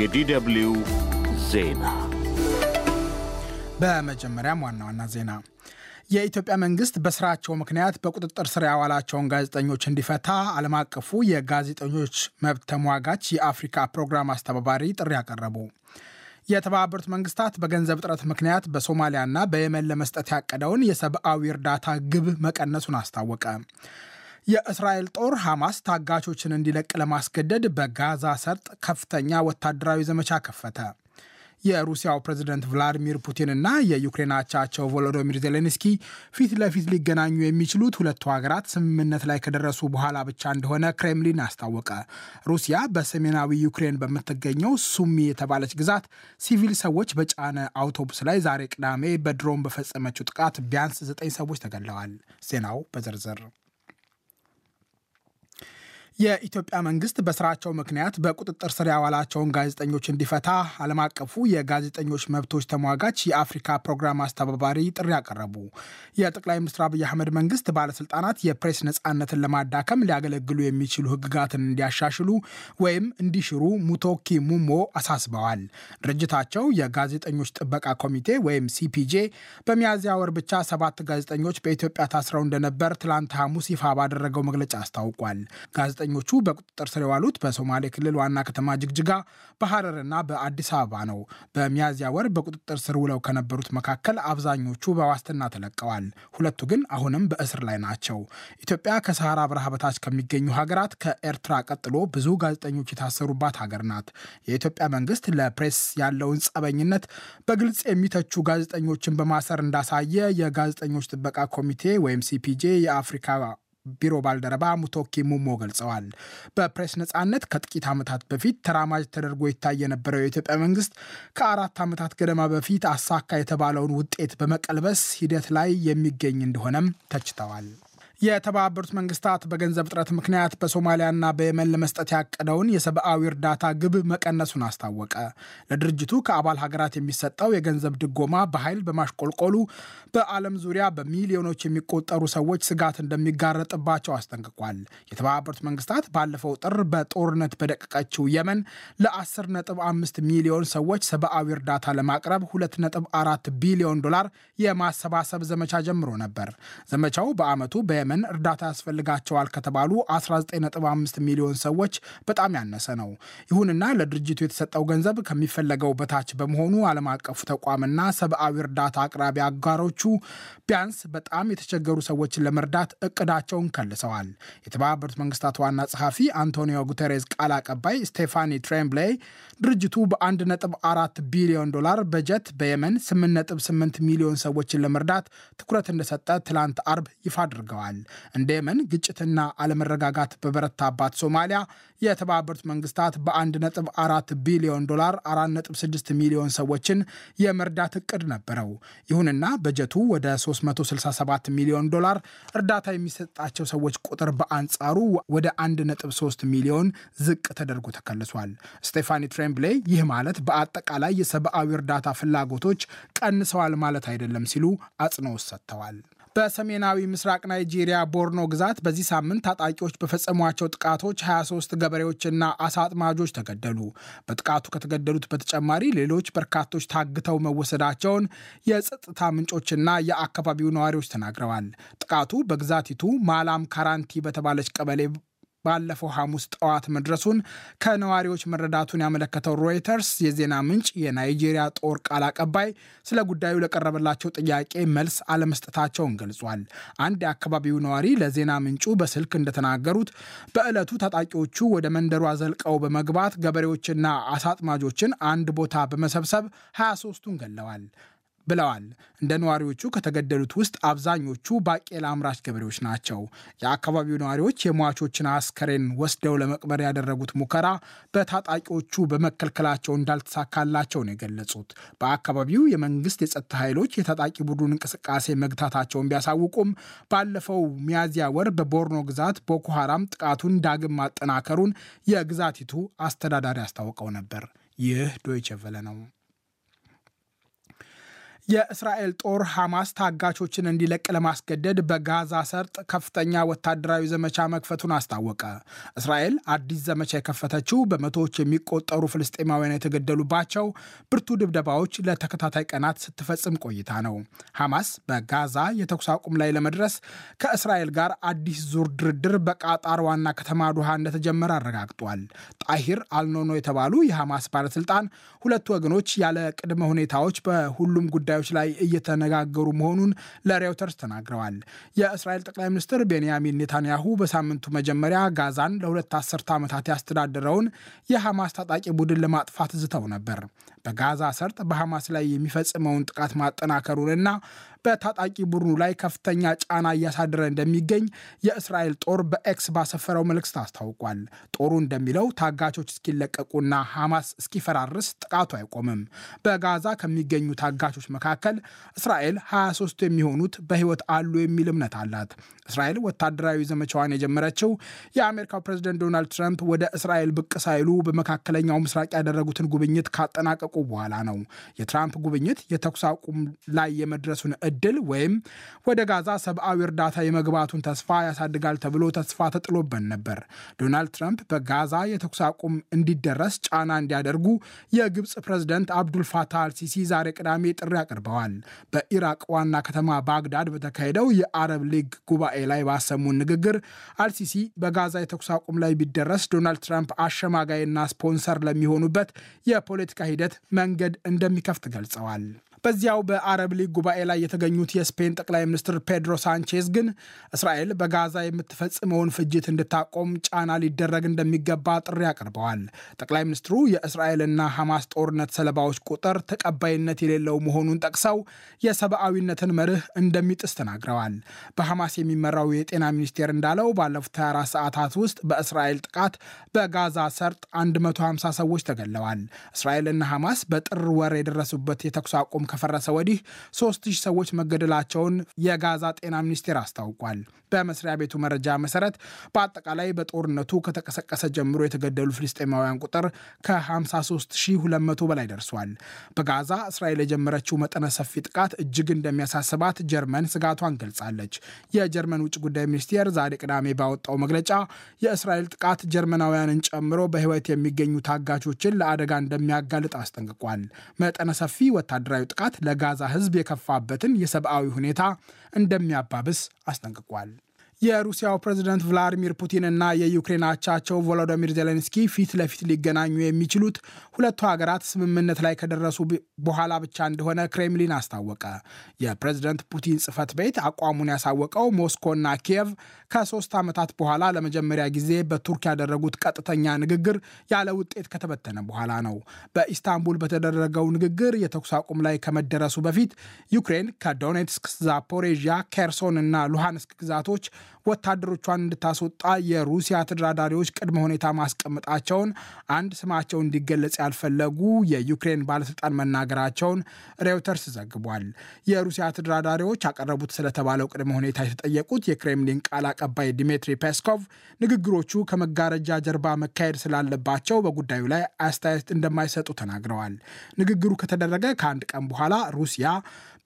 የዲደብልዩ ዜና። በመጀመሪያም ዋና ዋና ዜና የኢትዮጵያ መንግስት በስራቸው ምክንያት በቁጥጥር ስር ያዋላቸውን ጋዜጠኞች እንዲፈታ ዓለም አቀፉ የጋዜጠኞች መብት ተሟጋች የአፍሪካ ፕሮግራም አስተባባሪ ጥሪ አቀረቡ። የተባበሩት መንግስታት በገንዘብ እጥረት ምክንያት በሶማሊያና በየመን ለመስጠት ያቀደውን የሰብአዊ እርዳታ ግብ መቀነሱን አስታወቀ። የእስራኤል ጦር ሐማስ ታጋቾችን እንዲለቅ ለማስገደድ በጋዛ ሰርጥ ከፍተኛ ወታደራዊ ዘመቻ ከፈተ። የሩሲያው ፕሬዝደንት ቭላዲሚር ፑቲንና የዩክሬን አቻቸው ቮሎዶሚር ዜሌንስኪ ፊት ለፊት ሊገናኙ የሚችሉት ሁለቱ ሀገራት ስምምነት ላይ ከደረሱ በኋላ ብቻ እንደሆነ ክሬምሊን አስታወቀ። ሩሲያ በሰሜናዊ ዩክሬን በምትገኘው ሱሚ የተባለች ግዛት ሲቪል ሰዎች በጫነ አውቶቡስ ላይ ዛሬ ቅዳሜ በድሮን በፈጸመችው ጥቃት ቢያንስ ዘጠኝ ሰዎች ተገለዋል። ዜናው በዝርዝር የኢትዮጵያ መንግስት በስራቸው ምክንያት በቁጥጥር ስር ያዋላቸውን ጋዜጠኞች እንዲፈታ ዓለም አቀፉ የጋዜጠኞች መብቶች ተሟጋች የአፍሪካ ፕሮግራም አስተባባሪ ጥሪ አቀረቡ። የጠቅላይ ሚኒስትር አብይ አህመድ መንግስት ባለስልጣናት የፕሬስ ነፃነትን ለማዳከም ሊያገለግሉ የሚችሉ ህግጋትን እንዲያሻሽሉ ወይም እንዲሽሩ ሙቶኪ ሙሞ አሳስበዋል። ድርጅታቸው የጋዜጠኞች ጥበቃ ኮሚቴ ወይም ሲፒጄ በሚያዝያ ወር ብቻ ሰባት ጋዜጠኞች በኢትዮጵያ ታስረው እንደነበር ትላንት ሐሙስ ይፋ ባደረገው መግለጫ አስታውቋል። ነውጠኞቹ በቁጥጥር ስር የዋሉት በሶማሌ ክልል ዋና ከተማ ጅግጅጋ፣ በሐረርና በአዲስ አበባ ነው። በሚያዝያ ወር በቁጥጥር ስር ውለው ከነበሩት መካከል አብዛኞቹ በዋስትና ተለቀዋል። ሁለቱ ግን አሁንም በእስር ላይ ናቸው። ኢትዮጵያ ከሰሃራ በረሃ በታች ከሚገኙ ሀገራት ከኤርትራ ቀጥሎ ብዙ ጋዜጠኞች የታሰሩባት ሀገር ናት። የኢትዮጵያ መንግስት ለፕሬስ ያለውን ጸበኝነት በግልጽ የሚተቹ ጋዜጠኞችን በማሰር እንዳሳየ የጋዜጠኞች ጥበቃ ኮሚቴ ወይም ሲፒጄ የአፍሪካ ቢሮ ባልደረባ ሙቶኪ ሙሞ ገልጸዋል። በፕሬስ ነጻነት ከጥቂት ዓመታት በፊት ተራማጅ ተደርጎ ይታይ የነበረው የኢትዮጵያ መንግስት ከአራት ዓመታት ገደማ በፊት አሳካ የተባለውን ውጤት በመቀልበስ ሂደት ላይ የሚገኝ እንደሆነም ተችተዋል። የተባበሩት መንግስታት በገንዘብ እጥረት ምክንያት በሶማሊያና በየመን ለመስጠት ያቀደውን የሰብአዊ እርዳታ ግብ መቀነሱን አስታወቀ። ለድርጅቱ ከአባል ሀገራት የሚሰጠው የገንዘብ ድጎማ በኃይል በማሽቆልቆሉ በዓለም ዙሪያ በሚሊዮኖች የሚቆጠሩ ሰዎች ስጋት እንደሚጋረጥባቸው አስጠንቅቋል። የተባበሩት መንግስታት ባለፈው ጥር በጦርነት በደቀቀችው የመን ለ10.5 ሚሊዮን ሰዎች ሰብአዊ እርዳታ ለማቅረብ 2.4 ቢሊዮን ዶላር የማሰባሰብ ዘመቻ ጀምሮ ነበር። ዘመቻው በዓመቱ በየ ለምን እርዳታ ያስፈልጋቸዋል ከተባሉ 19.5 ሚሊዮን ሰዎች በጣም ያነሰ ነው። ይሁንና ለድርጅቱ የተሰጠው ገንዘብ ከሚፈለገው በታች በመሆኑ ዓለም አቀፉ ተቋምና ሰብአዊ እርዳታ አቅራቢ አጋሮቹ ቢያንስ በጣም የተቸገሩ ሰዎችን ለመርዳት እቅዳቸውን ከልሰዋል። የተባበሩት መንግስታት ዋና ጸሐፊ አንቶኒዮ ጉተሬዝ ቃል አቀባይ ስቴፋኒ ትሬምብሌ ድርጅቱ በ1.4 ቢሊዮን ዶላር በጀት በየመን 8.8 ሚሊዮን ሰዎችን ለመርዳት ትኩረት እንደሰጠ ትላንት አርብ ይፋ አድርገዋል። ተናግረዋል። እንደ የመን ግጭትና አለመረጋጋት በበረታባት ሶማሊያ የተባበሩት መንግስታት በ1.4 ቢሊዮን ዶላር 4.6 ሚሊዮን ሰዎችን የመርዳት እቅድ ነበረው። ይሁንና በጀቱ ወደ 367 ሚሊዮን ዶላር፣ እርዳታ የሚሰጣቸው ሰዎች ቁጥር በአንጻሩ ወደ 1.3 ሚሊዮን ዝቅ ተደርጎ ተከልሷል። ስቴፋኒ ትሬምብሌ ይህ ማለት በአጠቃላይ የሰብአዊ እርዳታ ፍላጎቶች ቀንሰዋል ማለት አይደለም ሲሉ አጽንኦት ሰጥተዋል። በሰሜናዊ ምስራቅ ናይጄሪያ ቦርኖ ግዛት በዚህ ሳምንት ታጣቂዎች በፈጸሟቸው ጥቃቶች 23 ገበሬዎችና አሳ አጥማጆች ተገደሉ። በጥቃቱ ከተገደሉት በተጨማሪ ሌሎች በርካቶች ታግተው መወሰዳቸውን የጸጥታ ምንጮችና የአካባቢው ነዋሪዎች ተናግረዋል። ጥቃቱ በግዛቲቱ ማላም ካራንቲ በተባለች ቀበሌ ባለፈው ሐሙስ ጠዋት መድረሱን ከነዋሪዎች መረዳቱን ያመለከተው ሮይተርስ የዜና ምንጭ የናይጄሪያ ጦር ቃል አቀባይ ስለ ጉዳዩ ለቀረበላቸው ጥያቄ መልስ አለመስጠታቸውን ገልጿል። አንድ የአካባቢው ነዋሪ ለዜና ምንጩ በስልክ እንደተናገሩት በዕለቱ ታጣቂዎቹ ወደ መንደሯ ዘልቀው በመግባት ገበሬዎችና አሳጥማጆችን አንድ ቦታ በመሰብሰብ 23ቱን ገለዋል። ብለዋል። እንደ ነዋሪዎቹ ከተገደሉት ውስጥ አብዛኞቹ ባቄላ አምራች ገበሬዎች ናቸው። የአካባቢው ነዋሪዎች የሟቾችን አስከሬን ወስደው ለመቅበር ያደረጉት ሙከራ በታጣቂዎቹ በመከልከላቸው እንዳልተሳካላቸው ነው የገለጹት። በአካባቢው የመንግስት የጸጥታ ኃይሎች የታጣቂ ቡድን እንቅስቃሴ መግታታቸውን ቢያሳውቁም ባለፈው ሚያዝያ ወር በቦርኖ ግዛት ቦኮ ጥቃቱን ዳግም ማጠናከሩን የግዛቲቱ አስተዳዳሪ አስታውቀው ነበር። ይህ ዶይቸ ቨለ ነው። የእስራኤል ጦር ሐማስ ታጋቾችን እንዲለቅ ለማስገደድ በጋዛ ሰርጥ ከፍተኛ ወታደራዊ ዘመቻ መክፈቱን አስታወቀ። እስራኤል አዲስ ዘመቻ የከፈተችው በመቶዎች የሚቆጠሩ ፍልስጤማውያን የተገደሉባቸው ብርቱ ድብደባዎች ለተከታታይ ቀናት ስትፈጽም ቆይታ ነው። ሐማስ በጋዛ የተኩስ አቁም ላይ ለመድረስ ከእስራኤል ጋር አዲስ ዙር ድርድር በቃጣር ዋና ከተማ ዱሃ እንደተጀመረ አረጋግጧል። ጣሂር አልኖኖ የተባሉ የሐማስ ባለስልጣን ሁለቱ ወገኖች ያለ ቅድመ ሁኔታዎች በሁሉም ጉዳዮች ጉዳዮች ላይ እየተነጋገሩ መሆኑን ለሬውተርስ ተናግረዋል። የእስራኤል ጠቅላይ ሚኒስትር ቤንያሚን ኔታንያሁ በሳምንቱ መጀመሪያ ጋዛን ለሁለት አስርተ ዓመታት ያስተዳደረውን የሐማስ ታጣቂ ቡድን ለማጥፋት ዝተው ነበር። በጋዛ ሰርጥ በሐማስ ላይ የሚፈጽመውን ጥቃት ማጠናከሩንና በታጣቂ ቡድኑ ላይ ከፍተኛ ጫና እያሳደረ እንደሚገኝ የእስራኤል ጦር በኤክስ ባሰፈረው መልእክት አስታውቋል። ጦሩ እንደሚለው ታጋቾች እስኪለቀቁና ሐማስ እስኪፈራርስ ጥቃቱ አይቆምም። በጋዛ ከሚገኙ ታጋቾች መካከል እስራኤል 23ቱ የሚሆኑት በሕይወት አሉ የሚል እምነት አላት። እስራኤል ወታደራዊ ዘመቻዋን የጀመረችው የአሜሪካው ፕሬዚደንት ዶናልድ ትራምፕ ወደ እስራኤል ብቅ ሳይሉ በመካከለኛው ምስራቅ ያደረጉትን ጉብኝት ካጠናቀቁ በኋላ ነው። የትራምፕ ጉብኝት የተኩስ አቁም ላይ የመድረሱን እድል ወይም ወደ ጋዛ ሰብአዊ እርዳታ የመግባቱን ተስፋ ያሳድጋል ተብሎ ተስፋ ተጥሎበት ነበር። ዶናልድ ትራምፕ በጋዛ የተኩስ አቁም እንዲደረስ ጫና እንዲያደርጉ የግብፅ ፕሬዝደንት አብዱልፋታ አልሲሲ ዛሬ ቅዳሜ ጥሪ አቅርበዋል። በኢራቅ ዋና ከተማ ባግዳድ በተካሄደው የአረብ ሊግ ጉባኤ ላይ ባሰሙን ንግግር አልሲሲ በጋዛ የተኩስ አቁም ላይ ቢደረስ ዶናልድ ትራምፕ አሸማጋይና ስፖንሰር ለሚሆኑበት የፖለቲካ ሂደት መንገድ እንደሚከፍት ገልጸዋል። በዚያው በአረብ ሊግ ጉባኤ ላይ የተገኙት የስፔን ጠቅላይ ሚኒስትር ፔድሮ ሳንቼዝ ግን እስራኤል በጋዛ የምትፈጽመውን ፍጅት እንድታቆም ጫና ሊደረግ እንደሚገባ ጥሪ አቅርበዋል። ጠቅላይ ሚኒስትሩ የእስራኤልና ሐማስ ጦርነት ሰለባዎች ቁጥር ተቀባይነት የሌለው መሆኑን ጠቅሰው የሰብአዊነትን መርህ እንደሚጥስ ተናግረዋል። በሐማስ የሚመራው የጤና ሚኒስቴር እንዳለው ባለፉት 24 ሰዓታት ውስጥ በእስራኤል ጥቃት በጋዛ ሰርጥ 150 ሰዎች ተገለዋል። እስራኤልና ሐማስ በጥር ወር የደረሱበት የተኩስ አቁም ከፈረሰ ወዲህ 3000 ሰዎች መገደላቸውን የጋዛ ጤና ሚኒስቴር አስታውቋል። በመስሪያ ቤቱ መረጃ መሰረት በአጠቃላይ በጦርነቱ ከተቀሰቀሰ ጀምሮ የተገደሉ ፍልስጤማውያን ቁጥር ከ53200 በላይ ደርሷል። በጋዛ እስራኤል የጀመረችው መጠነ ሰፊ ጥቃት እጅግ እንደሚያሳስባት ጀርመን ስጋቷን ገልጻለች። የጀርመን ውጭ ጉዳይ ሚኒስቴር ዛሬ ቅዳሜ ባወጣው መግለጫ የእስራኤል ጥቃት ጀርመናውያንን ጨምሮ በህይወት የሚገኙ ታጋቾችን ለአደጋ እንደሚያጋልጥ አስጠንቅቋል። መጠነ ሰፊ ወታደራዊ ጥቃት ለጋዛ ህዝብ የከፋበትን የሰብአዊ ሁኔታ እንደሚያባብስ አስጠንቅቋል። የሩሲያው ፕሬዝደንት ቭላዲሚር እና የዩክሬን አቻቸው ቮሎዶሚር ዜሌንስኪ ፊት ለፊት ሊገናኙ የሚችሉት ሁለቱ ሀገራት ስምምነት ላይ ከደረሱ በኋላ ብቻ እንደሆነ ክሬምሊን አስታወቀ። የፕሬዝደንት ፑቲን ጽህፈት ቤት አቋሙን ያሳወቀው ሞስኮና ኪየቭ ከሶስት ዓመታት በኋላ ለመጀመሪያ ጊዜ በቱርክ ያደረጉት ቀጥተኛ ንግግር ያለ ውጤት ከተበተነ በኋላ ነው። በኢስታንቡል በተደረገው ንግግር የተኩስ አቁም ላይ ከመደረሱ በፊት ዩክሬን ከዶኔትስክ፣ ዛፖሬዥያ፣ ኬርሶን እና ሉሃንስክ ግዛቶች ወታደሮቿን እንድታስወጣ የሩሲያ ተደራዳሪዎች ቅድመ ሁኔታ ማስቀመጣቸውን አንድ ስማቸው እንዲገለጽ ያልፈለጉ የዩክሬን ባለስልጣን መናገራቸውን ሬውተርስ ዘግቧል። የሩሲያ ተደራዳሪዎች አቀረቡት ስለተባለው ቅድመ ሁኔታ የተጠየቁት የክሬምሊን ቃል አቀባይ ዲሜትሪ ፔስኮቭ ንግግሮቹ ከመጋረጃ ጀርባ መካሄድ ስላለባቸው በጉዳዩ ላይ አስተያየት እንደማይሰጡ ተናግረዋል። ንግግሩ ከተደረገ ከአንድ ቀን በኋላ ሩሲያ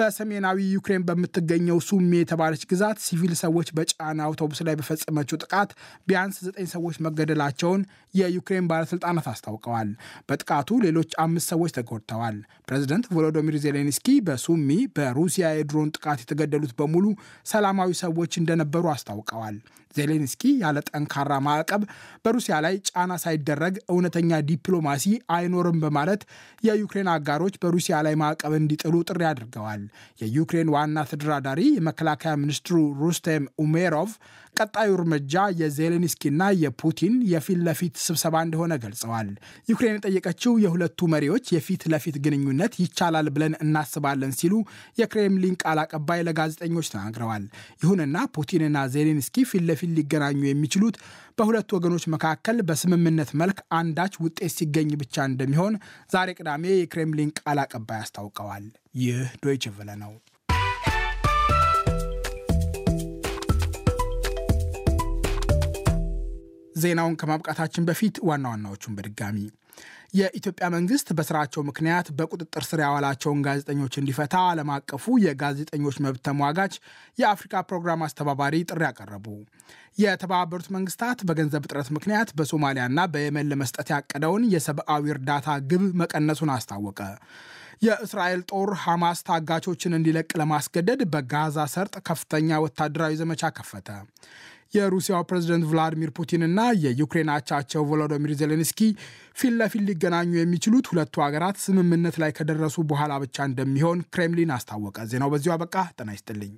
በሰሜናዊ ዩክሬን በምትገኘው ሱሚ የተባለች ግዛት ሲቪል ሰዎች በጫና አውቶቡስ ላይ በፈጸመችው ጥቃት ቢያንስ ዘጠኝ ሰዎች መገደላቸውን የዩክሬን ባለስልጣናት አስታውቀዋል። በጥቃቱ ሌሎች አምስት ሰዎች ተጎድተዋል። ፕሬዚደንት ቮሎዶሚር ዜሌንስኪ በሱሚ በሩሲያ የድሮን ጥቃት የተገደሉት በሙሉ ሰላማዊ ሰዎች እንደነበሩ አስታውቀዋል። ዜሌንስኪ ያለ ጠንካራ ማዕቀብ በሩሲያ ላይ ጫና ሳይደረግ እውነተኛ ዲፕሎማሲ አይኖርም በማለት የዩክሬን አጋሮች በሩሲያ ላይ ማዕቀብ እንዲጥሉ ጥሪ አድርገዋል። የዩክሬን ዋና ተደራዳሪ የመከላከያ ሚኒስትሩ ሩስቴም ኡሜሮቭ ቀጣዩ እርምጃ የዜሌንስኪና የፑቲን የፊት ለፊት ስብሰባ እንደሆነ ገልጸዋል። ዩክሬን የጠየቀችው የሁለቱ መሪዎች የፊት ለፊት ግንኙነት ይቻላል ብለን እናስባለን ሲሉ የክሬምሊን ቃል አቀባይ ለጋዜጠኞች ተናግረዋል። ይሁንና ፑቲንና ዜሌንስኪ ፊት ለፊት ሊገናኙ የሚችሉት በሁለቱ ወገኖች መካከል በስምምነት መልክ አንዳች ውጤት ሲገኝ ብቻ እንደሚሆን ዛሬ ቅዳሜ የክሬምሊን ቃል አቀባይ አስታውቀዋል። ይህ ዶይቼ ነው። ዜናውን ከማብቃታችን በፊት ዋና ዋናዎቹን በድጋሚ የኢትዮጵያ መንግስት በስራቸው ምክንያት በቁጥጥር ስር ያዋላቸውን ጋዜጠኞች እንዲፈታ ዓለም አቀፉ የጋዜጠኞች መብት ተሟጋች የአፍሪካ ፕሮግራም አስተባባሪ ጥሪ አቀረቡ። የተባበሩት መንግስታት በገንዘብ እጥረት ምክንያት በሶማሊያና በየመን ለመስጠት ያቀደውን የሰብአዊ እርዳታ ግብ መቀነሱን አስታወቀ። የእስራኤል ጦር ሐማስ ታጋቾችን እንዲለቅ ለማስገደድ በጋዛ ሰርጥ ከፍተኛ ወታደራዊ ዘመቻ ከፈተ። የሩሲያው ፕሬዝደንት ቭላዲሚር ፑቲንና የዩክሬን አቻቸው ቮሎዶሚር ዜሌንስኪ ፊት ለፊት ሊገናኙ የሚችሉት ሁለቱ ሀገራት ስምምነት ላይ ከደረሱ በኋላ ብቻ እንደሚሆን ክሬምሊን አስታወቀ። ዜናው በዚሁ አበቃ። ጤና ይስጥልኝ።